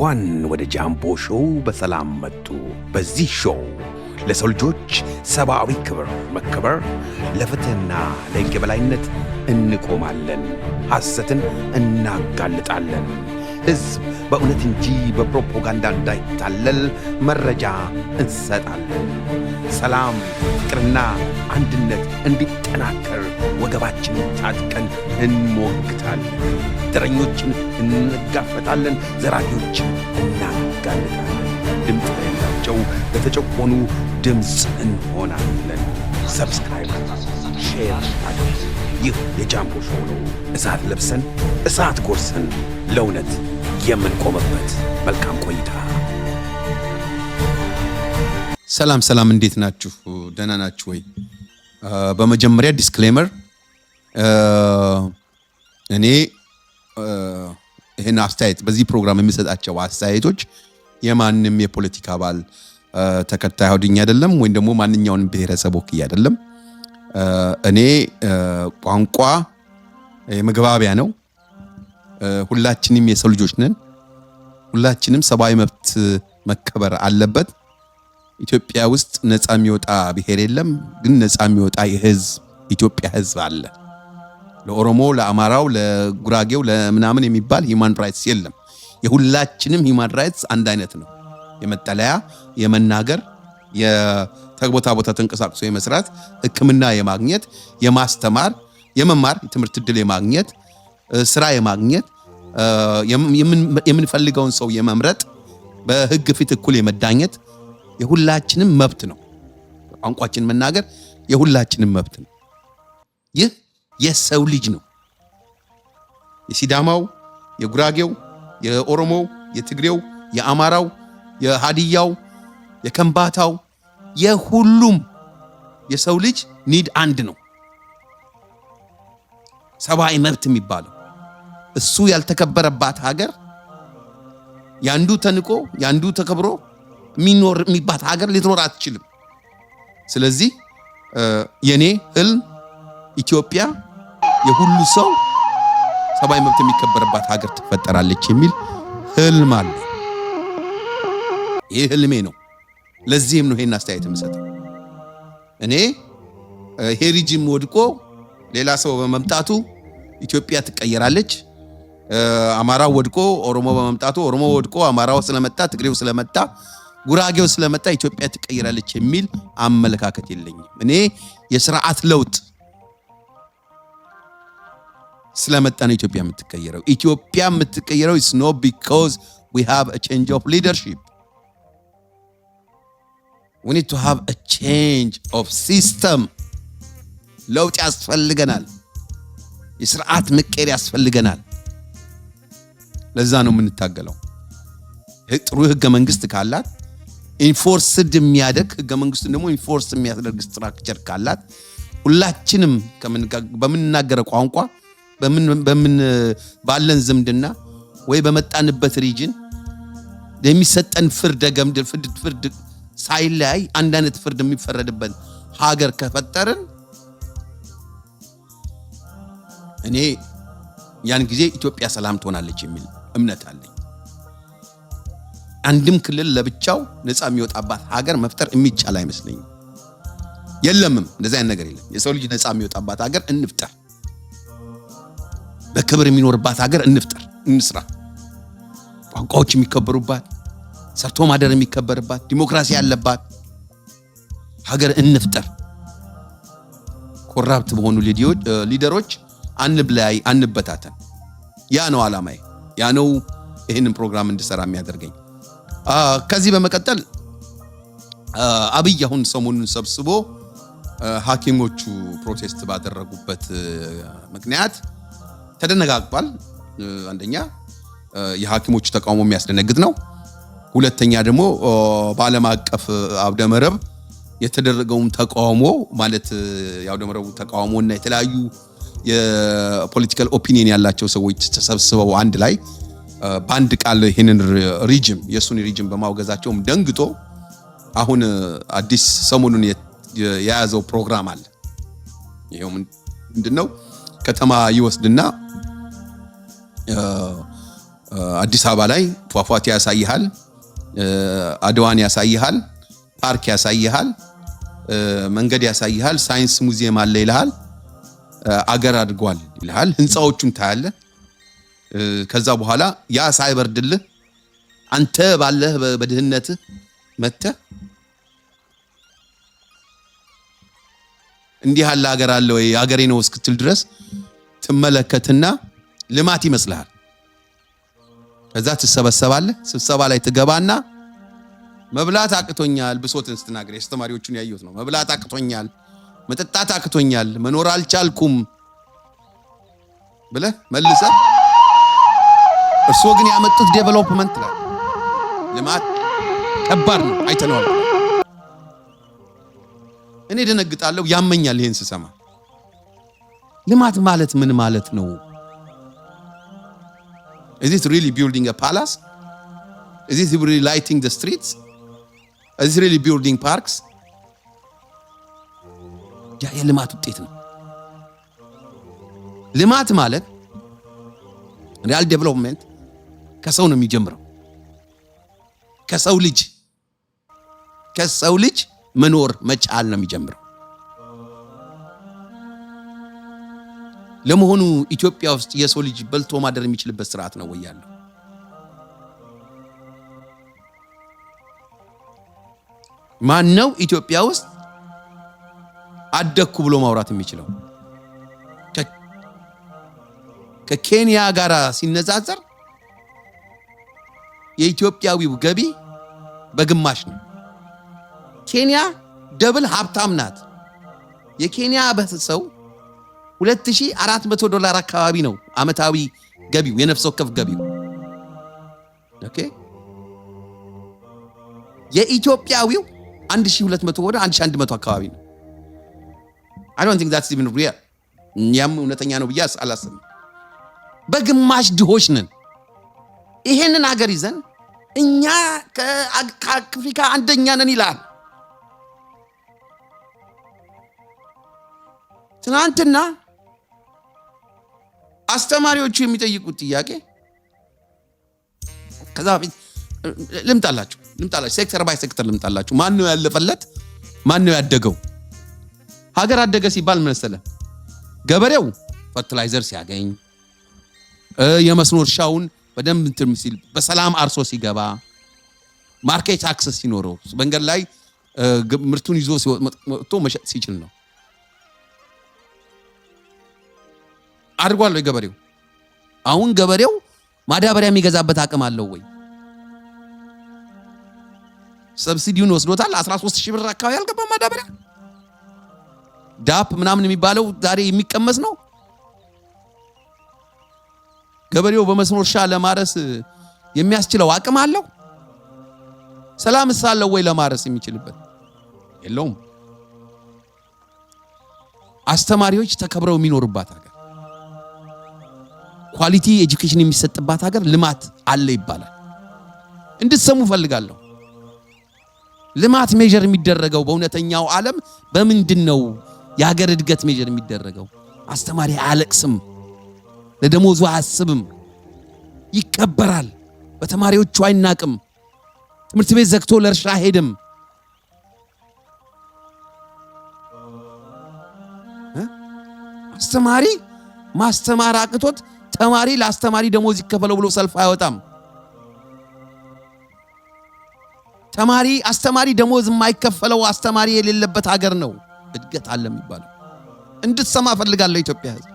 እንኳን ወደ ጃምቦ ሾው በሰላም መጡ። በዚህ ሾው ለሰው ልጆች ሰብአዊ ክብር መከበር፣ ለፍትሕና ለሕግ የበላይነት እንቆማለን፣ ሐሰትን እናጋልጣለን። ሕዝብ በእውነት እንጂ በፕሮፓጋንዳ እንዳይታለል መረጃ እንሰጣለን። ሰላም፣ ፍቅርና አንድነት እንዲጠናከር ወገባችንን ታጥቀን እንሞግታለን። ተረኞችን እንጋፈጣለን፣ ዘራኞችን እናጋልጣለን። ድምፅ ለሌላቸው ለተጨቆኑ ድምፅ እንሆናለን። ሰብስክራይብ፣ ሼር አድርጉ። ይህ የጃምቦ ሾው ነው። እሳት ለብሰን እሳት ጎርሰን ለእውነት የምንቆምበት። መልካም ቆይታ። ሰላም ሰላም፣ እንዴት ናችሁ? ደህና ናችሁ ወይ? በመጀመሪያ ዲስክሌመር እኔ ይህን አስተያየት በዚህ ፕሮግራም የሚሰጣቸው አስተያየቶች የማንም የፖለቲካ አባል ተከታይ አውድኝ አይደለም፣ ወይም ደግሞ ማንኛውን ብሔረሰብ ወክዬ አይደለም። እኔ ቋንቋ የመግባቢያ ነው። ሁላችንም የሰው ልጆች ነን። ሁላችንም ሰብአዊ መብት መከበር አለበት። ኢትዮጵያ ውስጥ ነፃ የሚወጣ ብሔር የለም፣ ግን ነፃ የሚወጣ የህዝብ ኢትዮጵያ ህዝብ አለ። ለኦሮሞ፣ ለአማራው፣ ለጉራጌው፣ ለምናምን የሚባል ሂማን ራይትስ የለም። የሁላችንም ሂማን ራይትስ አንድ አይነት ነው። የመጠለያ፣ የመናገር፣ ከቦታ ቦታ ተንቀሳቅሶ የመስራት፣ ሕክምና የማግኘት፣ የማስተማር፣ የመማር፣ የትምህርት እድል የማግኘት፣ ስራ የማግኘት፣ የምንፈልገውን ሰው የመምረጥ፣ በህግ ፊት እኩል የመዳኘት የሁላችንም መብት ነው። ቋንቋችን መናገር የሁላችንም መብት ነው። ይህ የሰው ልጅ ነው። የሲዳማው፣ የጉራጌው፣ የኦሮሞው፣ የትግሬው፣ የአማራው፣ የሃዲያው፣ የከምባታው የሁሉም የሰው ልጅ ኒድ አንድ ነው። ሰብአዊ መብት የሚባለው እሱ ያልተከበረባት ሀገር የአንዱ ተንቆ የአንዱ ተከብሮ የሚኖር የሚባት ሀገር ልትኖር አትችልም። ስለዚህ የኔ ህልም ኢትዮጵያ የሁሉ ሰው ሰብአዊ መብት የሚከበርባት ሀገር ትፈጠራለች የሚል ህልም አለ። ይህ ህልሜ ነው። ለዚህም ነው ይሄን አስተያየት የምሰጠው። እኔ ይሄ ሪጅም ወድቆ ሌላ ሰው በመምጣቱ ኢትዮጵያ ትቀየራለች፣ አማራው ወድቆ ኦሮሞ በመምጣቱ ኦሮሞ ወድቆ አማራው ስለመጣ ትግሬው ስለመጣ ጉራጌው ስለመጣ ኢትዮጵያ ትቀይራለች የሚል አመለካከት የለኝም። እኔ የስርዓት ለውጥ ስለመጣ ነው ኢትዮጵያ የምትቀየረው። ኢትዮጵያ የምትቀየረው ኢትስ ኖ ቢኮዝ ዊ ሃቭ አ ቼንጅ ኦፍ ሊደርሺፕ ዊ ኒድ ቱ ሃቭ አ ቼንጅ ኦፍ ሲስተም። ለውጥ ያስፈልገናል። የስርዓት መቀየር ያስፈልገናል። ለዛ ነው የምንታገለው። ጥሩ ህገ መንግስት ካላት ኢንፎርስድ የሚያደርግ ህገ መንግስቱን ደግሞ ኢንፎርስ የሚያደርግ ስትራክቸር ካላት ሁላችንም በምንናገረው ቋንቋ በምን ባለን ዝምድና ወይ በመጣንበት ሪጅን የሚሰጠን ፍርድ ገምድል ፍርድ ሳይለያይ አንድ አይነት ፍርድ የሚፈረድበት ሀገር ከፈጠርን እኔ ያን ጊዜ ኢትዮጵያ ሰላም ትሆናለች የሚል እምነት አለኝ። አንድም ክልል ለብቻው ነፃ የሚወጣባት ሀገር መፍጠር የሚቻል አይመስለኝም። የለምም፣ እንደዚህ አይነት ነገር የለም። የሰው ልጅ ነፃ የሚወጣባት ሀገር እንፍጠር። በክብር የሚኖርባት ሀገር እንፍጠር፣ እንስራ። ቋንቋዎች የሚከበሩባት፣ ሰርቶ ማደር የሚከበርባት፣ ዲሞክራሲ ያለባት ሀገር እንፍጠር። ኮራፕት በሆኑ ሊደሮች አንብላይ፣ አንበታተን። ያ ነው አላማ ያ ነው ይህንን ፕሮግራም እንድሰራ የሚያደርገኝ። ከዚህ በመቀጠል አብይ አሁን ሰሞኑን ሰብስቦ ሐኪሞቹ ፕሮቴስት ባደረጉበት ምክንያት ተደነጋግጧል። አንደኛ የሐኪሞቹ ተቃውሞ የሚያስደነግጥ ነው። ሁለተኛ ደግሞ በዓለም አቀፍ አብደመረብ የተደረገውም የተደረገውን ተቃውሞ ማለት የአውደመረቡ ተቃውሞ እና የተለያዩ የፖለቲካል ኦፒኒየን ያላቸው ሰዎች ተሰብስበው አንድ ላይ በአንድ ቃል ይህንን ሪጅም የእሱን ሪጅም በማውገዛቸውም ደንግጦ አሁን አዲስ ሰሞኑን የያዘው ፕሮግራም አለ። ይኸው ምንድን ነው ከተማ ይወስድና አዲስ አበባ ላይ ፏፏቴ ያሳይሃል፣ አድዋን ያሳይሃል፣ ፓርክ ያሳይሃል፣ መንገድ ያሳይሃል፣ ሳይንስ ሙዚየም አለ ይልሃል፣ አገር አድጓል ይልሃል፣ ህንፃዎቹን ታያለህ። ከዛ በኋላ ያ ሳይበርድልህ አንተ ባለህ በድህነትህ መተህ እንዲህ ያለ ሀገር አለ ወይ ሀገሬ ነው እስክትል ድረስ ትመለከትና ልማት ይመስልሃል። ከዛ ትሰበሰባለህ። ስብሰባ ላይ ትገባና መብላት አቅቶኛል፣ ብሶትን ስትናገር የአስተማሪዎቹን ያየሁት ነው። መብላት አቅቶኛል፣ መጠጣት አቅቶኛል፣ መኖር አልቻልኩም ብለህ መልሰ እርስዎ ግን ያመጡት ዴቨሎፕመንት ላይ ልማት ከባድ ነው፣ አይተነዋል። እኔ ደነግጣለሁ፣ ያመኛል ይህን ስሰማ። ልማት ማለት ምን ማለት ነው? Is it really building a palace? Is it really lighting the streets? Is it really building parks? ያ የልማት ውጤት ነው። ልማት ማለት ሪያል ዴቨሎፕመንት ከሰው ነው የሚጀምረው። ከሰው ልጅ ከሰው ልጅ መኖር መቻል ነው የሚጀምረው። ለመሆኑ ኢትዮጵያ ውስጥ የሰው ልጅ በልቶ ማደር የሚችልበት ስርዓት ነው ወይ ያለው? ማን ነው ኢትዮጵያ ውስጥ አደግኩ ብሎ ማውራት የሚችለው? ከኬንያ ጋር ሲነጻጸር የኢትዮጵያዊው ገቢ በግማሽ ነው። ኬንያ ደብል ሀብታም ናት። የኬንያ ሰው 2400 ዶላር አካባቢ ነው አመታዊ ገቢው የነፍስ ወከፍ ገቢው። ኦኬ የኢትዮጵያዊው 1200 ወደ 1100 አካባቢ ነው። አይ ዶንት ቲንክ ዳትስ ኢቭን ሪል። ያም እውነተኛ ነው ብዬ አላስብም። በግማሽ ድሆች ነን። ይሄንን አገር ይዘን እኛ ከአፍሪካ አንደኛ ነን ይላል። ትናንትና አስተማሪዎቹ የሚጠይቁት ጥያቄ ከዛ በፊት ልምጣላችሁ ልምጣላችሁ ሴክተር ባይ ሴክተር ልምጣላችሁ። ማን ነው ያለፈለት? ማን ነው ያደገው? ሀገር አደገ ሲባል መሰለ ገበሬው ፈርትላይዘር ሲያገኝ፣ የመስኖ እርሻውን በደንብ እንትን ሲል፣ በሰላም አርሶ ሲገባ፣ ማርኬት አክሰስ ሲኖረው፣ መንገድ ላይ ምርቱን ይዞ ወጥቶ መሸጥ ሲችል ነው። አድርጓል ወይ ገበሬው? አሁን ገበሬው ማዳበሪያ የሚገዛበት አቅም አለው ወይ? ሰብሲዲውን ወስዶታል። 13 ሺህ ብር አካባቢ ያልገባ ማዳበሪያ ዳፕ ምናምን የሚባለው ዛሬ የሚቀመስ ነው። ገበሬው በመስኖ እርሻ ለማረስ የሚያስችለው አቅም አለው። ሰላም አለው ወይ? ለማረስ የሚችልበት የለውም። አስተማሪዎች ተከብረው የሚኖርባት ሀገር ኳሊቲ ኤጁኬሽን የሚሰጥባት ሀገር ልማት አለ ይባላል። እንድትሰሙ ፈልጋለሁ። ልማት ሜጀር የሚደረገው በእውነተኛው ዓለም በምንድን ነው? የሀገር እድገት ሜጀር የሚደረገው አስተማሪ አያለቅስም፣ ለደሞዙ አያስብም፣ ይከበራል፣ በተማሪዎቹ አይናቅም፣ ትምህርት ቤት ዘግቶ ለእርሻ አይሄድም። አስተማሪ ማስተማር አቅቶት ተማሪ ለአስተማሪ ደሞዝ ይከፈለው ብሎ ሰልፍ አይወጣም። ተማሪ አስተማሪ ደሞዝ የማይከፈለው አስተማሪ የሌለበት ሀገር ነው እድገት አለ የሚባለው። እንድትሰማ እፈልጋለሁ ኢትዮጵያ ሕዝብ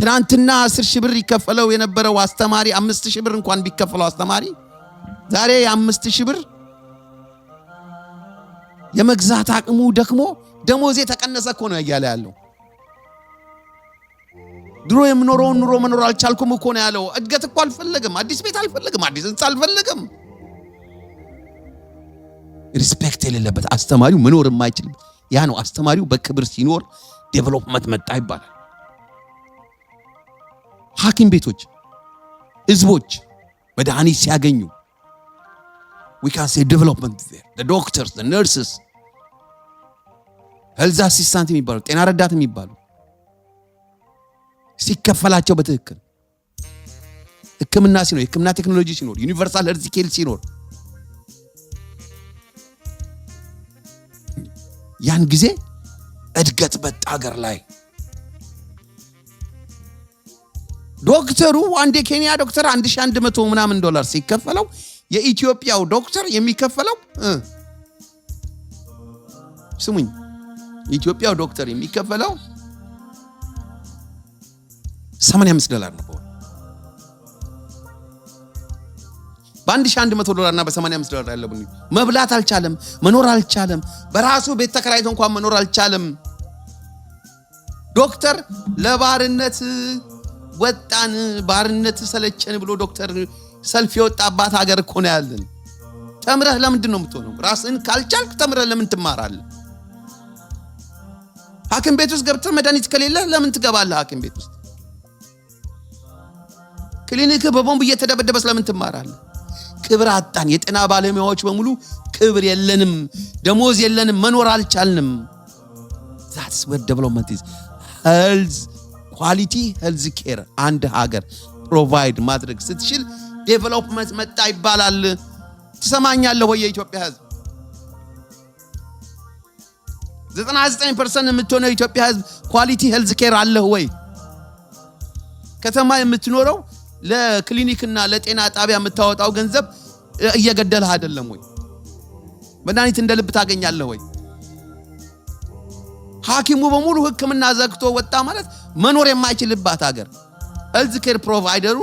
ትናንትና አስር ሺህ ብር ይከፈለው የነበረው አስተማሪ አምስት ሺህ ብር እንኳን ቢከፈለው አስተማሪ ዛሬ የአምስት ሺህ ብር የመግዛት አቅሙ ደክሞ ደሞዜ ተቀነሰ እኮ ነው እያለ ያለው ድሮ የምኖረውን ኑሮ መኖር አልቻልኩም እኮ ነው ያለው። እድገት እኮ አልፈለግም። አዲስ ቤት አልፈለግም። አዲስ ህንፃ አልፈለግም። ሪስፔክት የሌለበት አስተማሪው መኖር የማይችል ያ ነው። አስተማሪው በክብር ሲኖር ዴቨሎፕመንት መጣ ይባላል። ሐኪም ቤቶች ህዝቦች መድኃኒት ሲያገኙ ዊ ካን ሴ ዴቨሎፕመንት ዶክተርስ ነርስስ ሄልዝ አሲስታንት የሚባሉ ጤና ረዳት የሚባሉ ሲከፈላቸው በትክክል ህክምና ሲኖር የሕክምና ቴክኖሎጂ ሲኖር ዩኒቨርሳል ሄልዝ ኬር ሲኖር ያን ጊዜ እድገት በጣ ሀገር ላይ ዶክተሩ አንድ የኬንያ ዶክተር አንድ ሺ አንድ መቶ ምናምን ዶላር ሲከፈለው የኢትዮጵያው ዶክተር የሚከፈለው ስሙኝ፣ የኢትዮጵያው ዶክተር የሚከፈለው 85 ዶላር ነው ሺህ በ1100 ዶላር እና በ85 ዶላር ያለ ቡኒ መብላት አልቻለም፣ መኖር አልቻለም። በራሱ ቤት ተከራይቶ እንኳን መኖር አልቻለም። ዶክተር ለባርነት ወጣን፣ ባርነት ሰለቸን ብሎ ዶክተር ሰልፍ የወጣባት ሀገር እኮ ነው ያለን። ተምረህ ለምንድን ነው የምትሆነው? ራስን ካልቻልክ ተምረህ ለምን ትማራለህ? ሐኪም ቤት ውስጥ ገብተህ መድኃኒት ከሌለህ ለምን ትገባለህ ሐኪም ቤት ውስጥ? ክሊኒክ በቦምብ እየተደበደበ ስለምን ትማራል ክብር አጣን። የጤና ባለሙያዎች በሙሉ ክብር የለንም፣ ደሞዝ የለንም፣ መኖር አልቻልንም። ዛትስ ወር ዴቨሎፕመንት ኢዝ ሄልዝ ኳሊቲ ሄልዝ ኬር አንድ ሀገር ፕሮቫይድ ማድረግ ስትችል ዴቨሎፕመንት መጣ ይባላል። ትሰማኛለህ ወይ? የኢትዮጵያ ህዝብ 99 ፐርሰንት የምትሆነው የኢትዮጵያ ህዝብ ኳሊቲ ሄልዝ ኬር አለህ ወይ? ከተማ የምትኖረው ለክሊኒክና ለጤና ጣቢያ የምታወጣው ገንዘብ እየገደልህ አይደለም ወይ? መድኃኒት እንደ ልብ ታገኛለህ ወይ? ሐኪሙ በሙሉ ሕክምና ዘግቶ ወጣ ማለት መኖር የማይችልባት ሀገር፣ ሄልዝ ኬር ፕሮቫይደሩ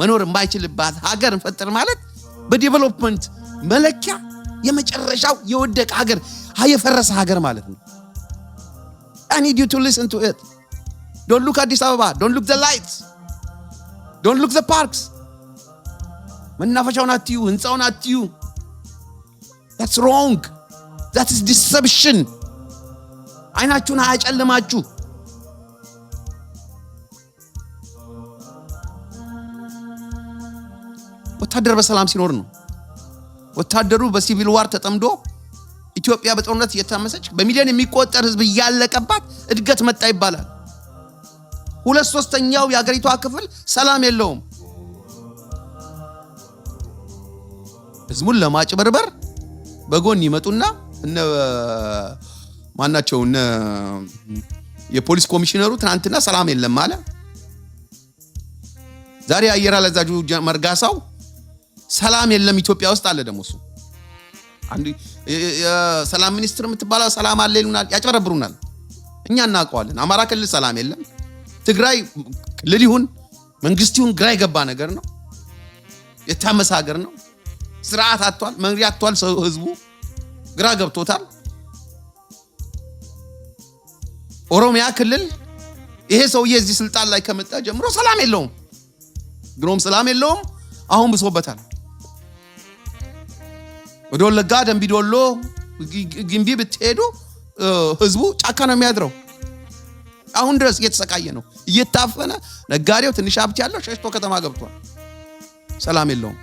መኖር የማይችልባት ሀገር እንፈጥር ማለት በዲቨሎፕመንት መለኪያ የመጨረሻው የወደቀ ሀገር፣ የፈረሰ ሀገር ማለት ነው። I need you to listen to it. Don't look at this Ababa. Don't look the ዶንት ሉክ ዘ ፓርክስ መናፈሻውን አትዩ፣ ህንፃውን አትዩ። ዛትስ ሮንግ ዛትስ ዲሰፕሽን። አይናችሁን አያጨልማችሁ። ወታደር በሰላም ሲኖር ነው። ወታደሩ በሲቪል ዋር ተጠምዶ ኢትዮጵያ በጦርነት እየታመሰች በሚሊዮን የሚቆጠር ህዝብ እያለቀባት እድገት መጣ ይባላል። ሁለት ሶስተኛው የአገሪቷ ክፍል ሰላም የለውም። ህዝቡን ለማጭበርበር በጎን ይመጡና እነ ማናቸው እነ የፖሊስ ኮሚሽነሩ ትናንትና ሰላም የለም አለ። ዛሬ አየር አለዛጁ መርጋሳው ሰላም የለም ኢትዮጵያ ውስጥ አለ። ደግሞ እሱ የሰላም ሚኒስትር የምትባለው ሰላም አለ ይሉናል፣ ያጭበረብሩናል። እኛ እናውቀዋለን። አማራ ክልል ሰላም የለም ትግራይ ክልል ይሁን መንግስት ይሁን ግራ የገባ ነገር ነው። የታመሰ ሀገር ነው። ስርዓት አቷል፣ መሪ አቷል። ሰው ህዝቡ ግራ ገብቶታል። ኦሮሚያ ክልል ይሄ ሰውዬ እዚህ ስልጣን ላይ ከመጣ ጀምሮ ሰላም የለውም፣ ድሮም ሰላም የለውም። አሁን ብሶበታል። ወደ ወለጋ ደንቢ ግንቢ ብትሄዱ ህዝቡ ጫካ ነው የሚያድረው። አሁን ድረስ እየተሰቃየ ነው፣ እየታፈነ ነጋዴው ትንሽ ሀብት ያለው ሸሽቶ ከተማ ገብቷል። ሰላም የለውም።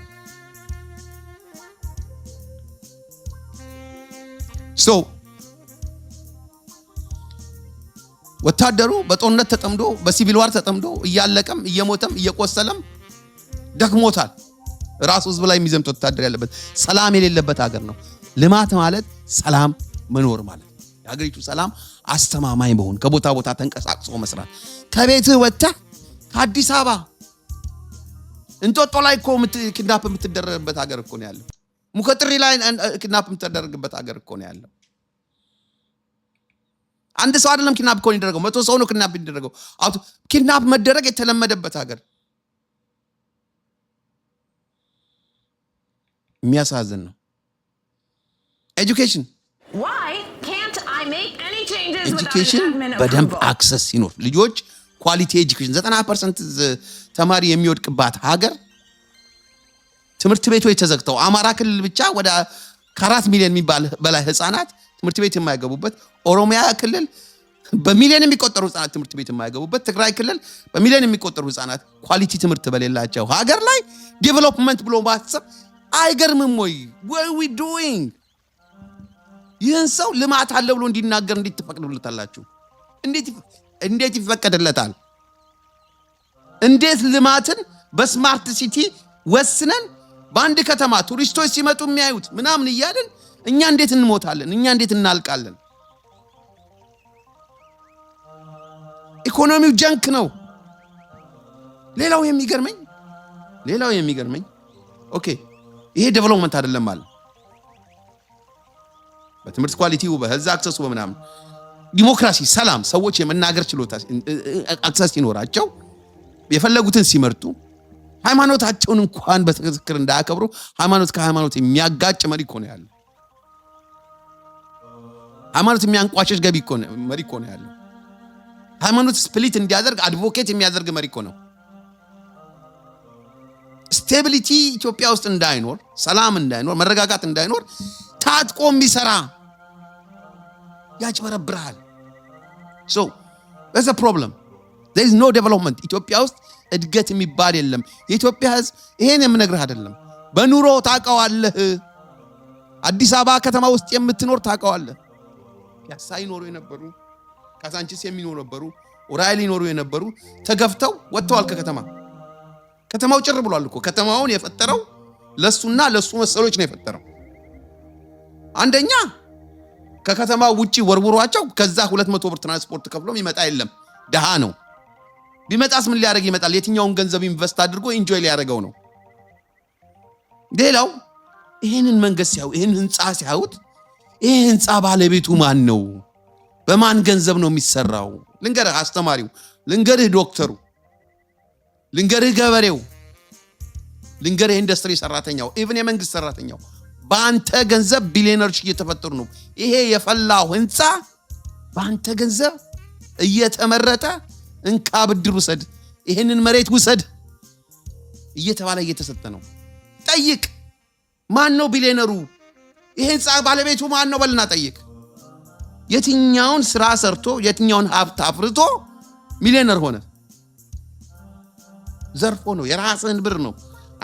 ሶ ወታደሩ በጦርነት ተጠምዶ በሲቪል ዋር ተጠምዶ እያለቀም እየሞተም እየቆሰለም ደክሞታል። ራሱ ህዝብ ላይ የሚዘምት ወታደር ያለበት ሰላም የሌለበት ሀገር ነው። ልማት ማለት ሰላም መኖር ማለት የሀገሪቱ ሰላም አስተማማኝ መሆን፣ ከቦታ ቦታ ተንቀሳቅሶ መስራት፣ ከቤትህ ወጥተህ ከአዲስ አበባ እንጦጦ ላይ እኮ ኪድናፕ የምትደረግበት ሀገር እኮ ነው ያለው። ሙከጥሪ ላይ ኪድናፕ የምትደረግበት ሀገር እኮ ነው ያለው። አንድ ሰው አይደለም ኪድናፕ እኮ የሚደረገው፣ መቶ ሰው ነው ኪድናፕ የሚደረገው። ኪድናፕ መደረግ የተለመደበት ሀገር የሚያሳዝን ነው። ኤጁኬሽን ኤጁኬሽን በደንብ አክሰስ ሲኖር ልጆች ኳሊቲ ኤጁኬሽን ዘጠና ፐርሰንት ተማሪ የሚወድቅባት ሀገር ትምህርት ቤቶች ተዘግተው አማራ ክልል ብቻ ወደ ከአራት ሚሊዮን የሚባል በላይ ህፃናት ትምህርት ቤት የማይገቡበት፣ ኦሮሚያ ክልል በሚሊዮን የሚቆጠሩ ህጻናት ትምህርት ቤት የማይገቡበት፣ ትግራይ ክልል በሚሊዮን የሚቆጠሩ ህጻናት ኳሊቲ ትምህርት በሌላቸው ሀገር ላይ ዴቨሎፕመንት ብሎ ማሰብ አይገርምም ወይ? ወይ ዊ ዱንግ ይህን ሰው ልማት አለ ብሎ እንዲናገር እንዴት ትፈቅድለታላችሁ እንዴት ይፈቀድለታል? እንዴት ልማትን በስማርት ሲቲ ወስነን በአንድ ከተማ ቱሪስቶች ሲመጡ የሚያዩት ምናምን እያልን እኛ እንዴት እንሞታለን? እኛ እንዴት እናልቃለን? ኢኮኖሚው ጀንክ ነው። ሌላው የሚገርመኝ ሌላው የሚገርመኝ ኦኬ ይሄ ዴቨሎፕመንት አይደለም አለ በትምህርት ኳሊቲው በህዝ አክሰሱ በምናምን ዲሞክራሲ፣ ሰላም፣ ሰዎች የመናገር ችሎታ አክሰስ ሲኖራቸው የፈለጉትን ሲመርጡ ሃይማኖታቸውን እንኳን በትክክል እንዳያከብሩ ሃይማኖት ከሃይማኖት የሚያጋጭ መሪ እኮ ነው ያለው። ሃይማኖት የሚያንቋሸሽ ገቢ መሪ እኮ ነው ያለው። ሃይማኖት ስፕሊት እንዲያደርግ አድቮኬት የሚያደርግ መሪ እኮ ነው። ስቴቢሊቲ ኢትዮጵያ ውስጥ እንዳይኖር፣ ሰላም እንዳይኖር፣ መረጋጋት እንዳይኖር ታጥቆ የሚሰራ ያጭበረብርሃል። ሶ ዘ ፕሮብለም ዝ ኖ ዴቨሎፕመንት ኢትዮጵያ ውስጥ እድገት የሚባል የለም። የኢትዮጵያ ህዝብ ይሄን የምነግርህ አይደለም፣ በኑሮ ታውቀዋለህ። አዲስ አበባ ከተማ ውስጥ የምትኖር ታውቀዋለህ። ፒያሳ ይኖሩ የነበሩ ካዛንቺስ የሚኖሩ ነበሩ፣ ራይል ይኖሩ የነበሩ ተገፍተው ወጥተዋል ከከተማ። ከተማው ጭር ብሏል እኮ። ከተማውን የፈጠረው ለሱና ለሱ መሰሎች ነው የፈጠረው አንደኛ ከከተማ ውጪ ወርውሯቸው። ከዛ ሁለት መቶ ብር ትራንስፖርት ከፍሎ የሚመጣ የለም፣ ድሃ ነው። ቢመጣስ ምን ሊያደርግ ይመጣል? የትኛውን ገንዘብ ኢንቨስት አድርጎ ኢንጆይ ሊያደርገው ነው? ሌላው ይህንን መንገድ ሲያዩ ይህን ህንፃ ሲያዩት ይህ ህንፃ ባለቤቱ ማን ነው? በማን ገንዘብ ነው የሚሰራው? ልንገርህ አስተማሪው፣ ልንገርህ ዶክተሩ፣ ልንገርህ ገበሬው፣ ልንገርህ ኢንዱስትሪ ሰራተኛው፣ ኢቭን የመንግስት ሰራተኛው በአንተ ገንዘብ ቢሊዮነሮች እየተፈጠሩ ነው። ይሄ የፈላው ህንፃ በአንተ ገንዘብ እየተመረጠ እንካ ብድር ውሰድ፣ ይህንን መሬት ውሰድ እየተባለ እየተሰጠ ነው። ጠይቅ፣ ማን ነው ቢሊዮነሩ? ይህ ህንፃ ባለቤቱ ማን ነው? በልና ጠይቅ። የትኛውን ስራ ሰርቶ የትኛውን ሀብት አፍርቶ ሚሊዮነር ሆነ? ዘርፎ ነው። የራስህን ብር ነው።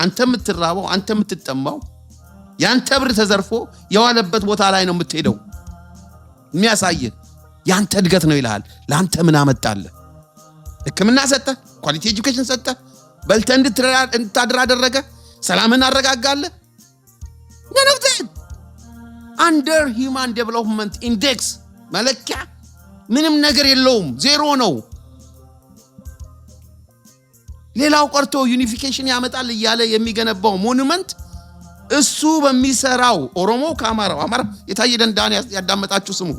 አንተ የምትራበው አንተ የምትጠማው ያንተ ብር ተዘርፎ የዋለበት ቦታ ላይ ነው የምትሄደው። የሚያሳየ ያንተ እድገት ነው ይልሃል። ለአንተ ምን አመጣለህ? ህክምና ሰጠ፣ ኳሊቲ ኤጁኬሽን ሰጠ፣ በልተ እንድታድር አደረገ፣ ሰላምን አረጋጋለ። ነነፍትህን አንደር ሂውማን ዴቨሎፕመንት ኢንዴክስ መለኪያ ምንም ነገር የለውም፣ ዜሮ ነው። ሌላው ቀርቶ ዩኒፊኬሽን ያመጣል እያለ የሚገነባው ሞኑመንት እሱ በሚሰራው ኦሮሞ ከአማራው አማራ የታየ ደንዳን ያዳመጣችሁ ስሙ።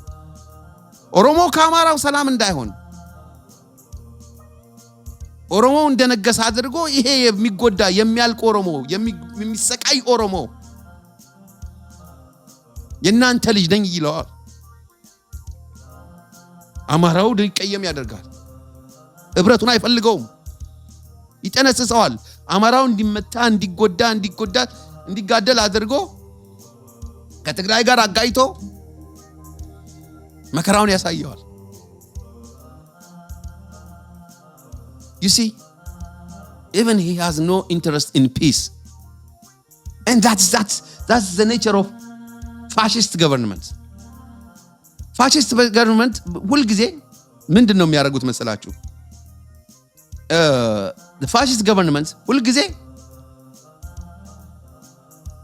ኦሮሞ ከአማራው ሰላም እንዳይሆን ኦሮሞ እንደነገሰ አድርጎ ይሄ የሚጎዳ የሚያልቅ ኦሮሞ የሚሰቃይ ኦሮሞ የእናንተ ልጅ ነኝ ይለዋል። አማራው ሊቀየም ያደርጋል። ህብረቱን አይፈልገውም፣ ይጠነስሰዋል። አማራው እንዲመታ እንዲጎዳ እንዲጎዳ እንዲጋደል አድርጎ ከትግራይ ጋር አጋይቶ መከራውን ያሳየዋል። ዩ ሲ ኢቨን ሂ ሃዝ ኖ ኢንተረስት ኢን ፒስ ኤንድ ዛትስ ዘ ኔቸር ኦፍ ፋሽስት ገቨርንመንት። ፋሽስት ገቨርንመንት ሁልጊዜ ምንድን ነው የሚያደርጉት መሰላችሁ? ፋሽስት uh, ገቨርንመንት ሁልጊዜ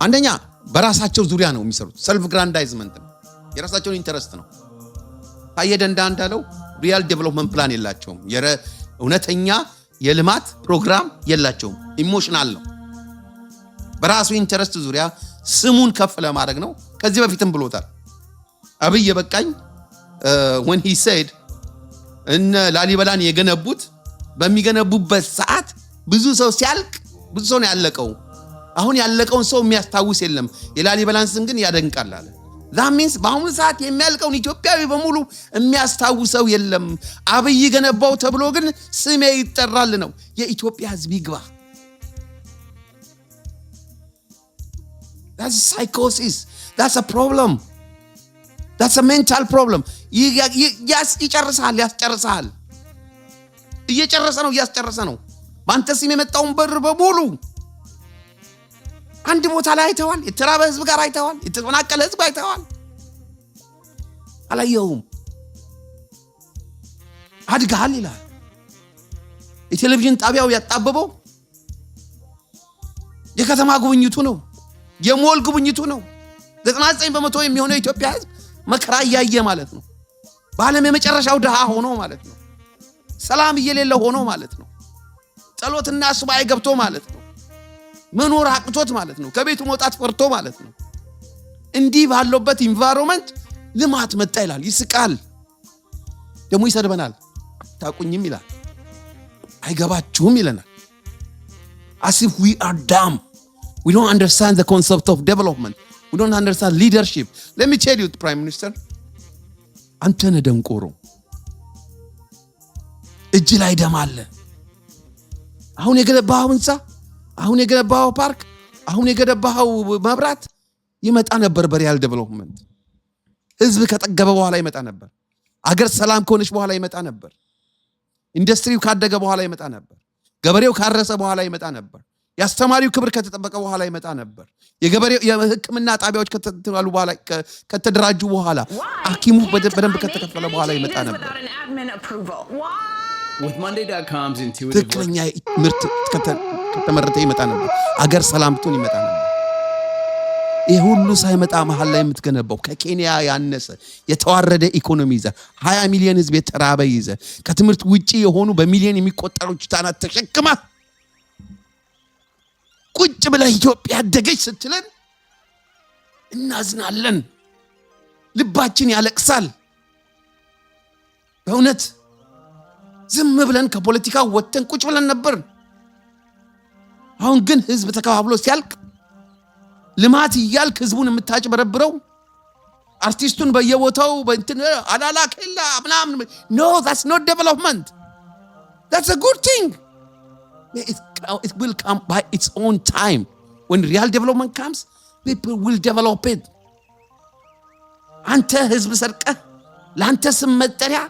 አንደኛ በራሳቸው ዙሪያ ነው የሚሰሩት። ሰልፍ ግራንዳይዝመንት ነው፣ የራሳቸውን ኢንተረስት ነው። ታየ ደንዳ እንዳለው ሪያል ዴቨሎፕመንት ፕላን የላቸውም። እውነተኛ የልማት ፕሮግራም የላቸውም። ኢሞሽናል ነው። በራሱ ኢንተረስት ዙሪያ ስሙን ከፍ ለማድረግ ነው። ከዚህ በፊትም ብሎታል አብይ የበቃኝ ወን ሂ ሴድ እነ ላሊበላን የገነቡት በሚገነቡበት ሰዓት ብዙ ሰው ሲያልቅ ብዙ ሰው ነው ያለቀው አሁን ያለቀውን ሰው የሚያስታውስ የለም። የላሊበላን ስም ግን ያደንቃል አለ። ሚንስ በአሁኑ ሰዓት የሚያልቀውን ኢትዮጵያዊ በሙሉ የሚያስታውሰው የለም። አብይ ገነባው ተብሎ ግን ስሜ ይጠራል ነው። የኢትዮጵያ ህዝብ ይግባ። ሳይኮሲስ ፕሮብለም ሜንታል ፕሮብለም። ይጨርሰሃል፣ ያስጨርሰሃል። እየጨረሰ ነው፣ እያስጨረሰ ነው። በአንተ ስም የመጣውን በር በሙሉ አንድ ቦታ ላይ አይተዋል። የተራበ ህዝብ ጋር አይተዋል። የተፈናቀለ ህዝብ አይተዋል። አላየውም። አድጋል ይላል። የቴሌቪዥን ጣቢያው ያጣበበው የከተማ ጉብኝቱ ነው፣ የሞል ጉብኝቱ ነው። 99 በመቶ የሚሆነው የኢትዮጵያ ህዝብ መከራ እያየ ማለት ነው። በዓለም የመጨረሻው ድሃ ሆኖ ማለት ነው። ሰላም እየሌለ ሆኖ ማለት ነው። ጸሎትና ሱባኤ ገብቶ ማለት ነው። መኖር አቅቶት ማለት ነው። ከቤቱ መውጣት ፈርቶ ማለት ነው። እንዲህ ባለበት ኢንቫይሮመንት ልማት መጣ ይላል። ይስቃል፣ ደግሞ ይሰድበናል። ታቁኝም ይላል። አይገባችሁም ይለናል። አሲፍ ዊ አር ዳም ዊ ዶንት አንደርስታንድ ዘ ኮንሰፕት ኦፍ ዴቨሎፕመንት ዊ ዶንት አንደርስታንድ ሊደርሺፕ ለሚ ቴል ዩ ፕራይም ሚኒስተር አንተነ ደንቆሮ እጅ ላይ ደም አለ። አሁን የገለባው ህንፃ አሁን የገነባኸው ፓርክ፣ አሁን የገነባኸው መብራት ይመጣ ነበር። በሪያል ዴቨሎፕመንት ህዝብ ከጠገበ በኋላ ይመጣ ነበር። አገር ሰላም ከሆነች በኋላ ይመጣ ነበር። ኢንዱስትሪው ካደገ በኋላ ይመጣ ነበር። ገበሬው ካረሰ በኋላ ይመጣ ነበር። የአስተማሪው ክብር ከተጠበቀ በኋላ ይመጣ ነበር። የገበሬው የሕክምና ጣቢያዎች ከተተሉ በኋላ ከተደራጁ በኋላ ሐኪሙ በደንብ ከተከፈለ በኋላ ይመጣ ነበር። ትክክለኛ ምርት ተመርተ ይመጣ ነበር። አገር ሰላምቱን ይመጣ ነበር። ይህ ሁሉ ሳይመጣ መሀል ላይ የምትገነባው ከኬንያ ያነሰ የተዋረደ ኢኮኖሚ ይዘ ሀያ ሚሊዮን ህዝብ የተራበ ይዘ ከትምህርት ውጪ የሆኑ በሚሊዮን የሚቆጠሩ ሕፃናት ተሸክማ ቁጭ ብለህ ኢትዮጵያ ያደገች ስትለን እናዝናለን። ልባችን ያለቅሳል። በእውነት ዝም ብለን ከፖለቲካ ወጥተን ቁጭ ብለን ነበር። አሁን ግን ህዝብ ተከፋፍሎ ሲያልቅ ልማት እያልክ ህዝቡን የምታጭበረብረው አርቲስቱን በየቦታው አላላ ኬላ ምናምን ኖ ዛትስ ኖት ዴቨሎፕመንት ዛትስ ጉድ ቲንግ it will come by its own time when real development comes people will develop it አንተ ህዝብ ሰርቀህ ለአንተ ስም መጠሪያ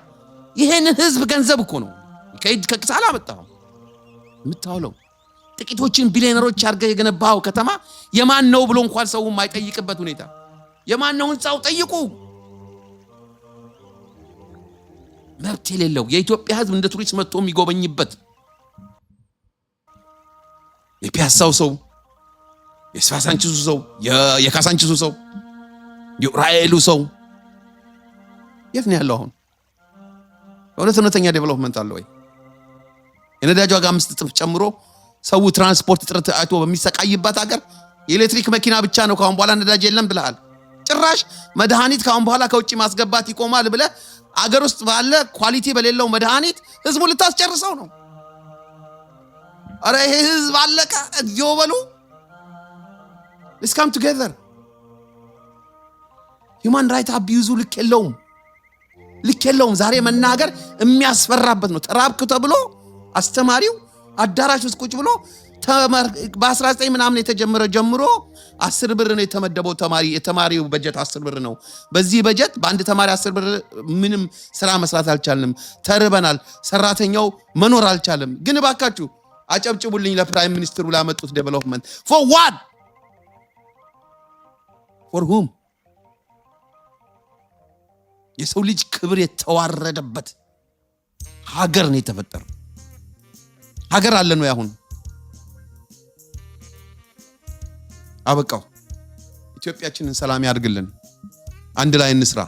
ይህን ህዝብ ገንዘብ እኮ ነው ከእጅ ከኪሳራ አመጣኸው የምታውለው ጥቂቶችን ቢሊዮነሮች አድርገህ የገነባው ከተማ የማን ነው ብሎ እንኳን ሰው የማይጠይቅበት ሁኔታ፣ የማን ነው ህንፃው ጠይቁ። መብት የሌለው የኢትዮጵያ ህዝብ እንደ ቱሪስት መጥቶ የሚጎበኝበት የፒያሳው ሰው፣ የስፋሳንችሱ ሰው፣ የካሳንችሱ ሰው፣ የራኤሉ ሰው የት ነው ያለው? አሁን በእውነት እውነተኛ ዴቨሎፕመንት አለ ወይ? የነዳጅ ዋጋ አምስት እጥፍ ጨምሮ ሰው ትራንስፖርት እጥረት አይቶ በሚሰቃይበት ሀገር የኤሌክትሪክ መኪና ብቻ ነው ካሁን በኋላ ነዳጅ የለም ብለሃል። ጭራሽ መድኃኒት ካሁን በኋላ ከውጭ ማስገባት ይቆማል ብለ አገር ውስጥ ባለ ኳሊቲ በሌለው መድኃኒት ህዝቡ ልታስጨርሰው ነው። አረ ይሄ ህዝብ አለቀ። እዮ በሉ ስካም ቱጌዘር ሂውማን ራይት አቢዩዙ ልክ የለውም ልክ የለውም። ዛሬ መናገር የሚያስፈራበት ነው። ተራብክ ተብሎ አስተማሪው አዳራሽ ውስጥ ቁጭ ብሎ በ19 ምናምን የተጀመረ ጀምሮ አስር ብር ነው የተመደበው። ተማሪ የተማሪው በጀት አስር ብር ነው። በዚህ በጀት በአንድ ተማሪ አስር ብር ምንም ስራ መስራት አልቻልንም። ተርበናል። ሰራተኛው መኖር አልቻለም። ግን እባካችሁ አጨብጭቡልኝ ለፕራይም ሚኒስትሩ ላመጡት ዴቨሎፕመንት ፎር ዋን ፎር ሁም የሰው ልጅ ክብር የተዋረደበት ሀገር ነው የተፈጠረው። ሀገር አለን ወይ? አሁን አበቃው። ኢትዮጵያችንን ሰላም ያድርግልን። አንድ ላይ እንስራ።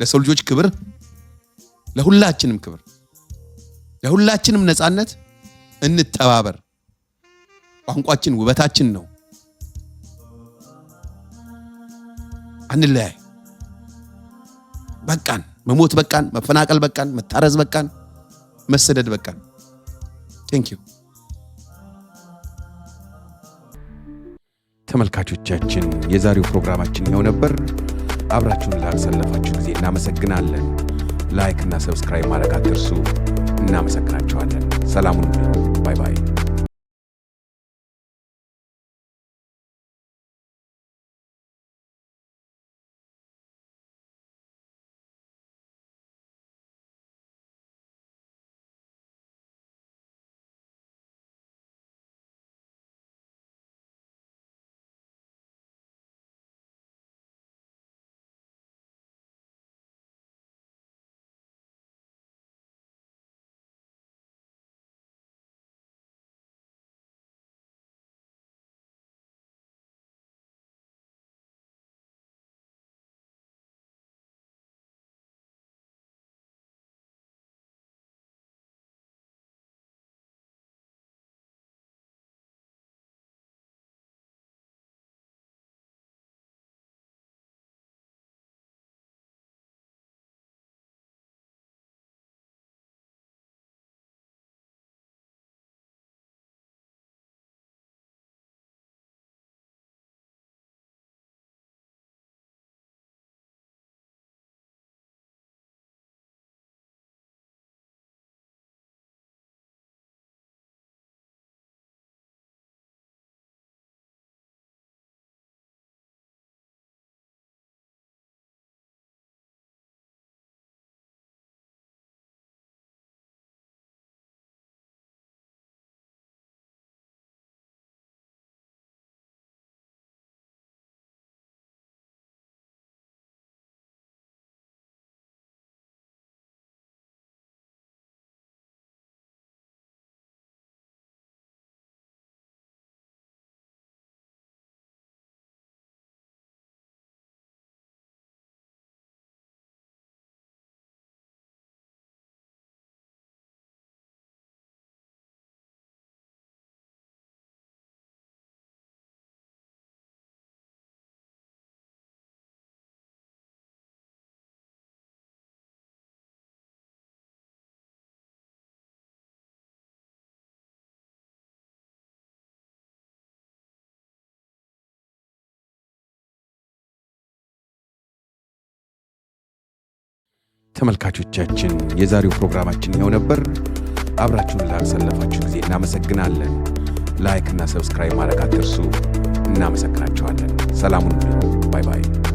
ለሰው ልጆች ክብር፣ ለሁላችንም ክብር፣ ለሁላችንም ነፃነት እንተባበር። ቋንቋችን ውበታችን ነው። አንለያይ። በቃን፣ መሞት በቃን፣ መፈናቀል በቃን፣ መታረዝ በቃን፣ መሰደድ በቃን። ቴንክ ዩ ተመልካቾቻችን የዛሬው ፕሮግራማችን ይኸው ነበር። አብራችሁን ላሳለፋችሁ ጊዜ እናመሰግናለን። ላይክ እና ሰብስክራይብ ማድረግ አትርሱ። እናመሰግናችኋለን። ሰላሙን ባይ ባይ። ተመልካቾቻችን የዛሬው ፕሮግራማችን ይኸው ነበር። አብራችሁን ላሰለፋችሁ ጊዜ እናመሰግናለን። ላይክ እና ሰብስክራይብ ማድረግ አትርሱ። እናመሰግናችኋለን። ሰላሙን ባይ ባይ።